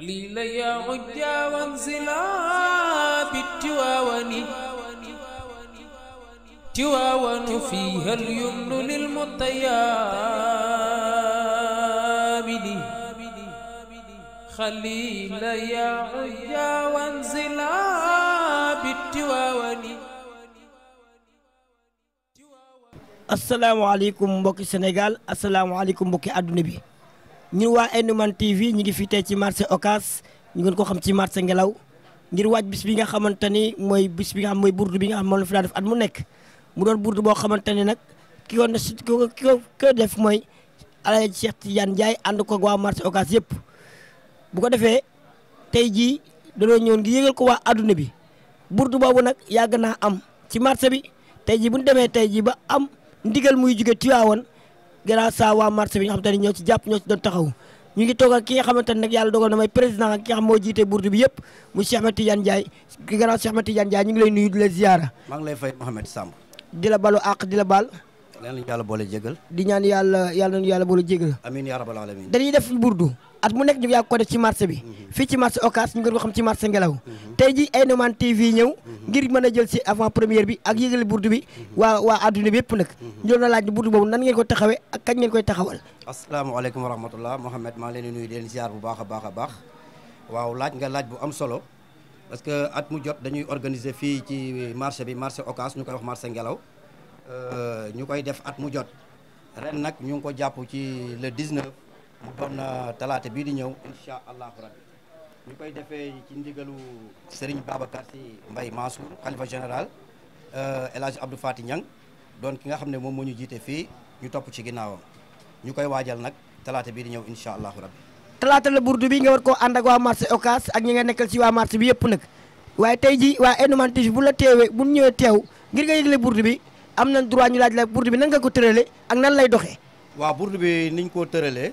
ليليا وجا وانزلا بتواوني تواوان فيها اليمن للمطيابد خليل يا عيا وانزلا بالتواوان السلام عليكم بوكي سنغال السلام عليكم بوكي ادنبي ñun waa N-Man TV ñu ngi fii tey ci marché Ocass ñu ngeen ko xam ci marché Ngelaw ngir waaj bis bi nga xamante ni mooy bis bi nga xam mooy burdu bi nga xam moom la fi daa def at mu nekk mu doon burdu boo xamante ni nag ki ko ki ko def mooy Alaaji Cheikh Tidiane Ndiaye ànd ko waa marché Ocass yëpp bu ko defee tey jii danoo ñëwoon ngi yëgal ko waa adduna bi burdu boobu nag yàgg naa am ci marché bi tey ji bu ñu demee tey jii ba am ndigal muy jóge Tiwaawan grâce à waa marché bi nga xamante ne ñoo ci jàpp ñoo ci doon taxaw ñu toog ak ki nga xamante nag yàlla dogal na may président ak ki xam moo jiite burdu bi yëpp mu Cheikh Ahmed Tidiane Ndiaye grand Cheikh Ahmed Tidiane Ndiaye ñu ngi lay nuyu di la ziyaara. maa ngi lay fay di la balu àq di la baal. yàlla nañu yàlla di ñaan yàlla yàlla nañu yàlla boole jégal. amiin yaa rabbal alamin dañuy def burdu. at mu nekk ñu yàgg ko def ci marché bi fii ci marché Ocass ñu gën ko xam ci marché ngelaw te ji ay Aïnoumane TV ñëw ngir mën a jël si avant première bi ak yëgale burdu bi waa waa adduna bi yëpp nag ñu doon laaj burdu boobu nan ngeen ko taxawee ak kañ koy taxawal asalaamaaleykum wa rahmatullah Mouhamed maa ngi leen di nuyu di leen ziar bu baax a baax a baax waaw laaj nga laaj bu am solo parce que at mu jot dañuy organiser fii ci marché bi marché Ocass ñu koy wax marché ngelaw euh, ñu koy def at mu jot ren nag ñu ngi ko jàpp ci le 19 mu doon euh, talaata bii di ñëw incha allahu rabbi ñu koy defee ci ndigalu Serigne Babacar Sy Mbaye Mansour xalifa général euh, El Hadj Abdou Fati Niang doon ki nga xam ne moom moo ñu jiite fii ñu topp ci ginnaawam ñu koy waajal nag talaata bii di ñëw incha allahu rabbi talaata la burdu bi nga war koo ànd ak waa marché Ocass ak ñi nga nekkal ci waa marché bi yëpp nag waaye tey ji waa Enemane TV bu la teewee bu ñëwee teew ngir nga yëgle burdu bi am nañ droit ñu laaj la burdu bi nan nga ko tëralee ak nan lay doxee. waaw burdu bi niñ koo tëralee.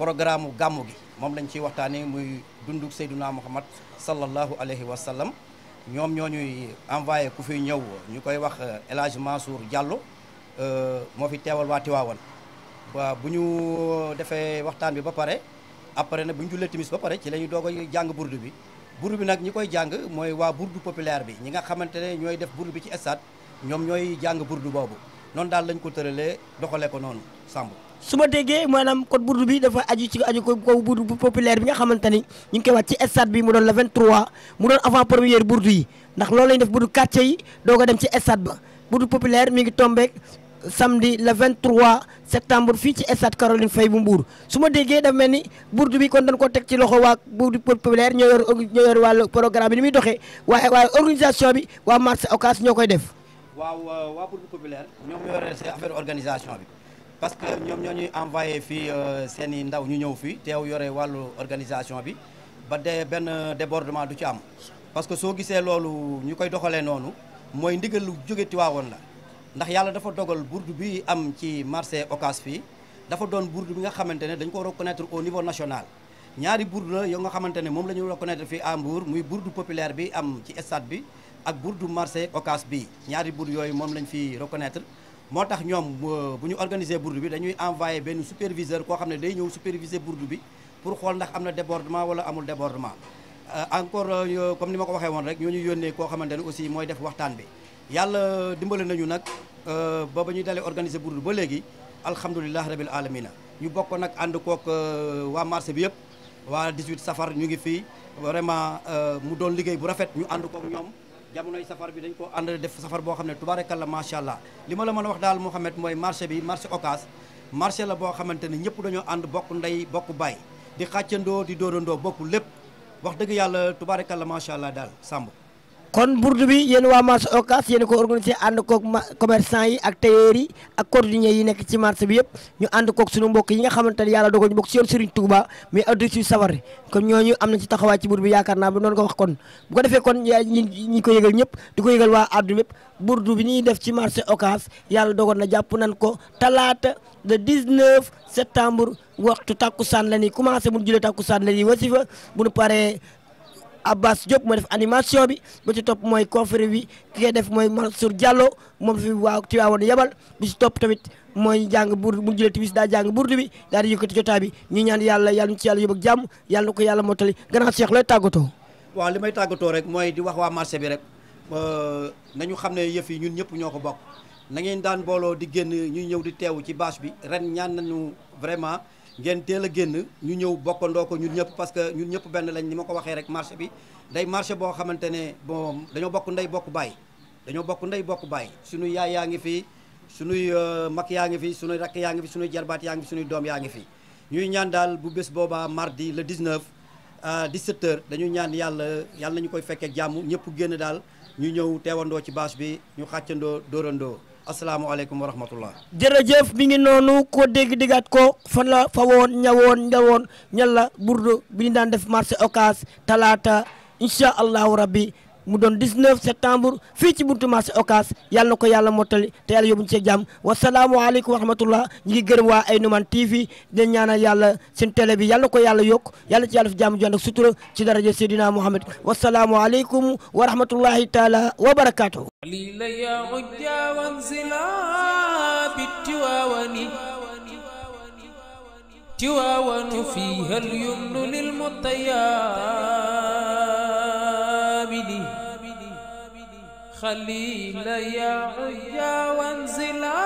programme gàmmu gi moom lañ ciy waxtaanee muy dunduk Seyduna Muhammad sallallahu alayhi wa sallam ñoom ñoo ñuy envoyé ku fi ñëw ñu koy wax euh, El Hadj Mansour Diallo euh, moo fi teewal waa Tiwaawan waaw bu ñu euh, defee waxtaan bi ba pare après nag bu ñu jullee timis ba pare ci lañuy ñuy doog a jàng burdu bi burdu bi nag ñi koy jàng mooy waa burdu populaire bi ñi nga xamante ne ñooy def burdu bi ci stade ñoom ñooy jàng burdu boobu noonu daal lañ ko tëralee doxalee ko noonu Samb. suma déggé manam code burdu bi dafa aju ci aju ko ko burdu populaire bi nga xamante ñu ngi koy ci stade bi mu doon la 23 mu doon avant première burdu yi ndax loolay def burdu quartier yi doog dem ci stade ba burdu populaire mi ngi tombé samedi le 23 septembre fi ci stade Caroline fay bu Mbour suma déggé déggee dafa mel burdu bi kon dañ ko tek ci loxo wa burdu populaire ñoy yor ñoo yor wàllu programme bi ni muy doxee waaye waaye organisation bi wa marché Ocass ñokoy def. waaw waa burdu populaire ñoom ñoo ci affaire organisation bi. parce que ñoom ñoo ñuy envoyé fii euh, seen i ndaw ñu ñëw fii teew yore wàllu organisation bi ba de benn débordement du ci am parce que soo gisee loolu ñu koy doxalee noonu mooy ndigal lu jóge Tiwaawoon la ndax yàlla dafa dogal burdu bi am ci marché Ocass fii dafa doon burdu bi nga xamante ne dañ ko reconnaître au niveau national ñaari burdu la yoo nga xamante ne moom la ñu reconnaître fii à Mbour muy burdu populaire bi am ci stade bi ak burdu marché Ocass bi ñaari burdu yooyu moom lañ fi reconnaître moo tax ñoom euh, bu ñu organiser bourde bi dañuy envoyé benn superviseur koo xam ne day ñëw superviser bourde bi pour xool ndax am na débordement wala amul débordement euh, encore euh, comme ni ma ko waxee woon rek ñoo ñu yónnee koo xamante ne aussi mooy def waxtaan bi yàlla dimbale nañu nag ba ba ñuy dalee organiser bourde ba léegi alhamdulilah rabil alamina ñu bokk nag ànd kook waa marché bi yëpp waa 18 safar ñu ngi fii vraiment mu doon liggéey bu rafet ñu ànd kook ñoom jamonoy safar bi dañ ko ànd def safar boo xam ne tubaarakalla macha allah li ma la mën a wax daal Mouhamed mooy marché bi marché Ocass marché la boo xamante ne ñëpp dañoo ànd bokk ndey bokk baay di xàccandoo di doodandoo bokkul lépp wax dëgg yàlla tubaarakalla macha allah daal Samb. kon burdu bi yéen wa mars okas yéen ko organiser and ko commerçant yi ak tailleur yi ak cordonnier yi nek ci mars bi yëpp ñu ànd koog suñu mbokk yi nga xamante yalla dogo ñu bokk ci Serigne Touba mais addu ci kon ñoñu amna ci taxawa ci burdu bi yakarna bu non ko wax kon bu ko defé kon ya-, ñi ko yegal ñep diko ko wa waa àdduna burdu bi ni def ci mars okas yalla dogo na japp nan ko talata le 19 septembre waxtu takusan la ni commencé mu jule takusan la wasifa bu nu paré Abbas Diop moo def animation bi ba ci topp mooy conféré bi ki koy def mooy Mansour Diallo moom fi waaw ci waawoon topp tamit mooy jàng burdu mu jëlee timis daa jàng burdu bi daal di yëkkati jotaay bi ñu ñaan yàlla yàlla ñu ci yàlla ak jàmm yàlla ko yàlla mottali gannaaw Cheikh lay tàggatoo. waaw li may tàggatoo rek mooy di wax waa marché bi rek nañu xam ne yëf yi ñun ñëpp ñoo ko bokk na ngeen daan booloo di génn ñuy ñëw di teew ci bâche bi ren ñaan nañu vraiment. ngeen teel a génn ñu ñëw bokkandoo ko ñun ñëpp parce que ñun ñëpp benn lañ ni ma ko waxee rek marché bi day marché boo xamante ne bon dañoo bokk ndey bokk baay dañoo bokk ndey bokk baay suñuy yaay yaa ngi fi suñuy euh, mag yaa ngi fi suñuy rakk yaa ngi fi suñuy jarbaat yaa ngi fi suñuy doom yaa ngi fi ñuy ñaan daal bu bés boobaa mardi la 19 à 17h dañuy ñaan yàlla yàlla nañu koy fekkee jàmm ñëpp génn daal ñu ñëw teewandoo ci bâche bi ñu xàccandoo dóorandoo asalaamaaleykum wa rahmatullah jërëjëf bi ngi noonu ko dégg diggaat ko fan la fa woon ñawoon ñawoon ñal la burdu bi ñu daan def marché ocas talaata incha allahu rabbi mu doon 19 septembre fii ci buntu marché Ocass yàlla na ko yàlla mottali te yàlla yóbbuñu ci jàmm wasalaamualeykum wa rahmatullah ñu ngi gërëm waa Aynoumane TV di ñaanal yàlla seen télé bi yàlla na ko yàlla yokk yàlla ci yàlla fi jàmm ju ànd ak sutura ci daraja Seydina Muhammad wasalaamualeykum wa rahmatullahi taala wa barakaatu. تواون فيها اليمن للمطيار خليل يا عيا وانزلا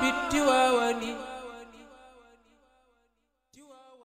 بالتواوني